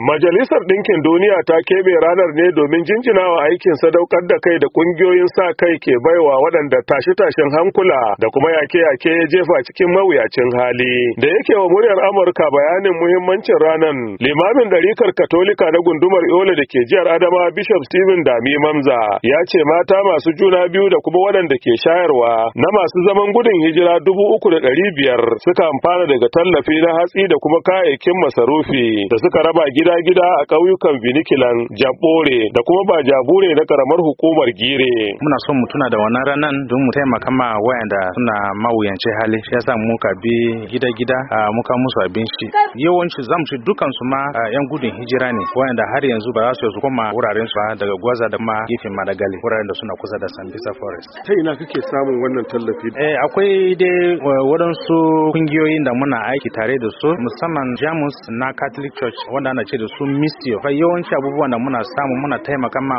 Majalisar Ɗinkin Duniya ta keɓe ranar ne domin jinjinawa aikin sadaukar da kai da ƙungiyoyin sa kai ke baiwa waɗanda tashe-tashen hankula da kuma yake-yake ya jefa cikin mawuyacin hali. Da yake wa muryar Amurka bayanin muhimmancin ranar, limamin ɗarikar Katolika na gundumar Yola da ke jihar Adama Bishop Stephen Dami Mamza ya ce mata masu juna biyu da kuma waɗanda ke shayarwa na masu zaman gudun hijira dubu uku da ɗari biyar suka amfana daga tallafi na hatsi da kuma kayayyakin masarufi da suka raba gida gida-gida a ƙauyukan Binikilan, Jabore da kuma ba Jabure na karamar hukumar Gire. Muna son mu tuna da wannan ranan don mu taimaka ma wayanda suna mawuyance hali. Shi yasa muka bi gida-gida muka musu abinci. Yawanci zamu ci dukan su ma yan gudun hijira ne wayanda har yanzu ba za su su koma wuraren su daga Gwaza da ma gefen Madagali wuraren da suna kusa da Sambisa Forest. Ta ina kake samun wannan tallafi? Eh akwai dai wadansu kungiyoyin da muna aiki tare da su musamman Jamus na Catholic Church wanda ana ce da su misiyo fa yawanci abubuwan da muna samu muna taimaka ma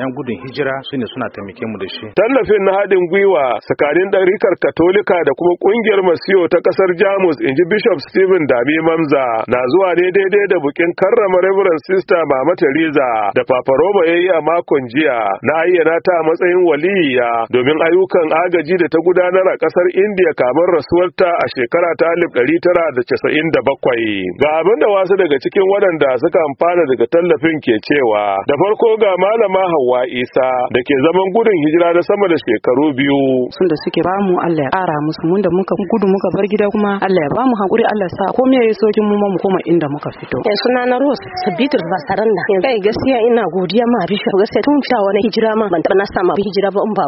yan gudun hijira su ne suna taimake mu da shi tallafin na haɗin gwiwa tsakanin ɗarikar katolika da kuma ƙungiyar masiyo ta ƙasar jamus inji bishop stephen dami mamza na zuwa ne daidai da bukin karrama reverend sister mama teresa da papa roba ya yi a makon jiya na ayyana ta a matsayin waliyya domin ayyukan agaji da ta gudanar a ƙasar India kamar rasuwarta a shekara ta 1997 ga abin da wasu daga cikin waɗanda waɗanda suka amfana daga tallafin ke cewa da farko ga malama Hauwa Isa da ke zaman gudun hijira na sama da shekaru biyu. Sun da suke bamu Allah ya ƙara musu mun da muka gudu muka bar gida kuma Allah ya bamu hakuri Allah sa ko me yayi sokin mu mu koma inda muka fito. ya eh, suna na Rose Sabitur Basaranda. Eh, kai gaskiya ina godiya ma bisha gaskiya tun fita wani hijira ma ban taba na samu abin hijira ba in ba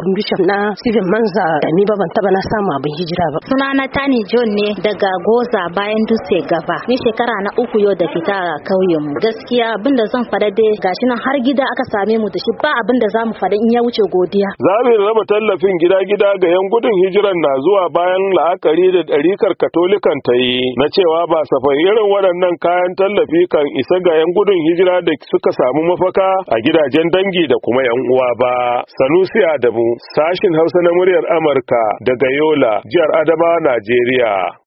na Steven Manza da ni ba ban taba na samu abin hijira ba. Suna na Tani John ne daga Goza bayan Dutse gaba. Ni shekara na uku yau da fita a ƙauyen mu gaskiya abin zan fada dai gashi nan har gida aka same mu da shi ba abin da zamu fada in ya wuce godiya za mu raba tallafin gida gida ga yan gudun hijiran na zuwa bayan la'akari da ɗarikar katolikan ta yi na cewa ba safai irin waɗannan kayan tallafi kan isa ga yan gudun hijira da suka samu mafaka a gidajen dangi da kuma yan uwa ba sanusi adamu sashin hausa na muryar amurka daga yola jihar adama najeriya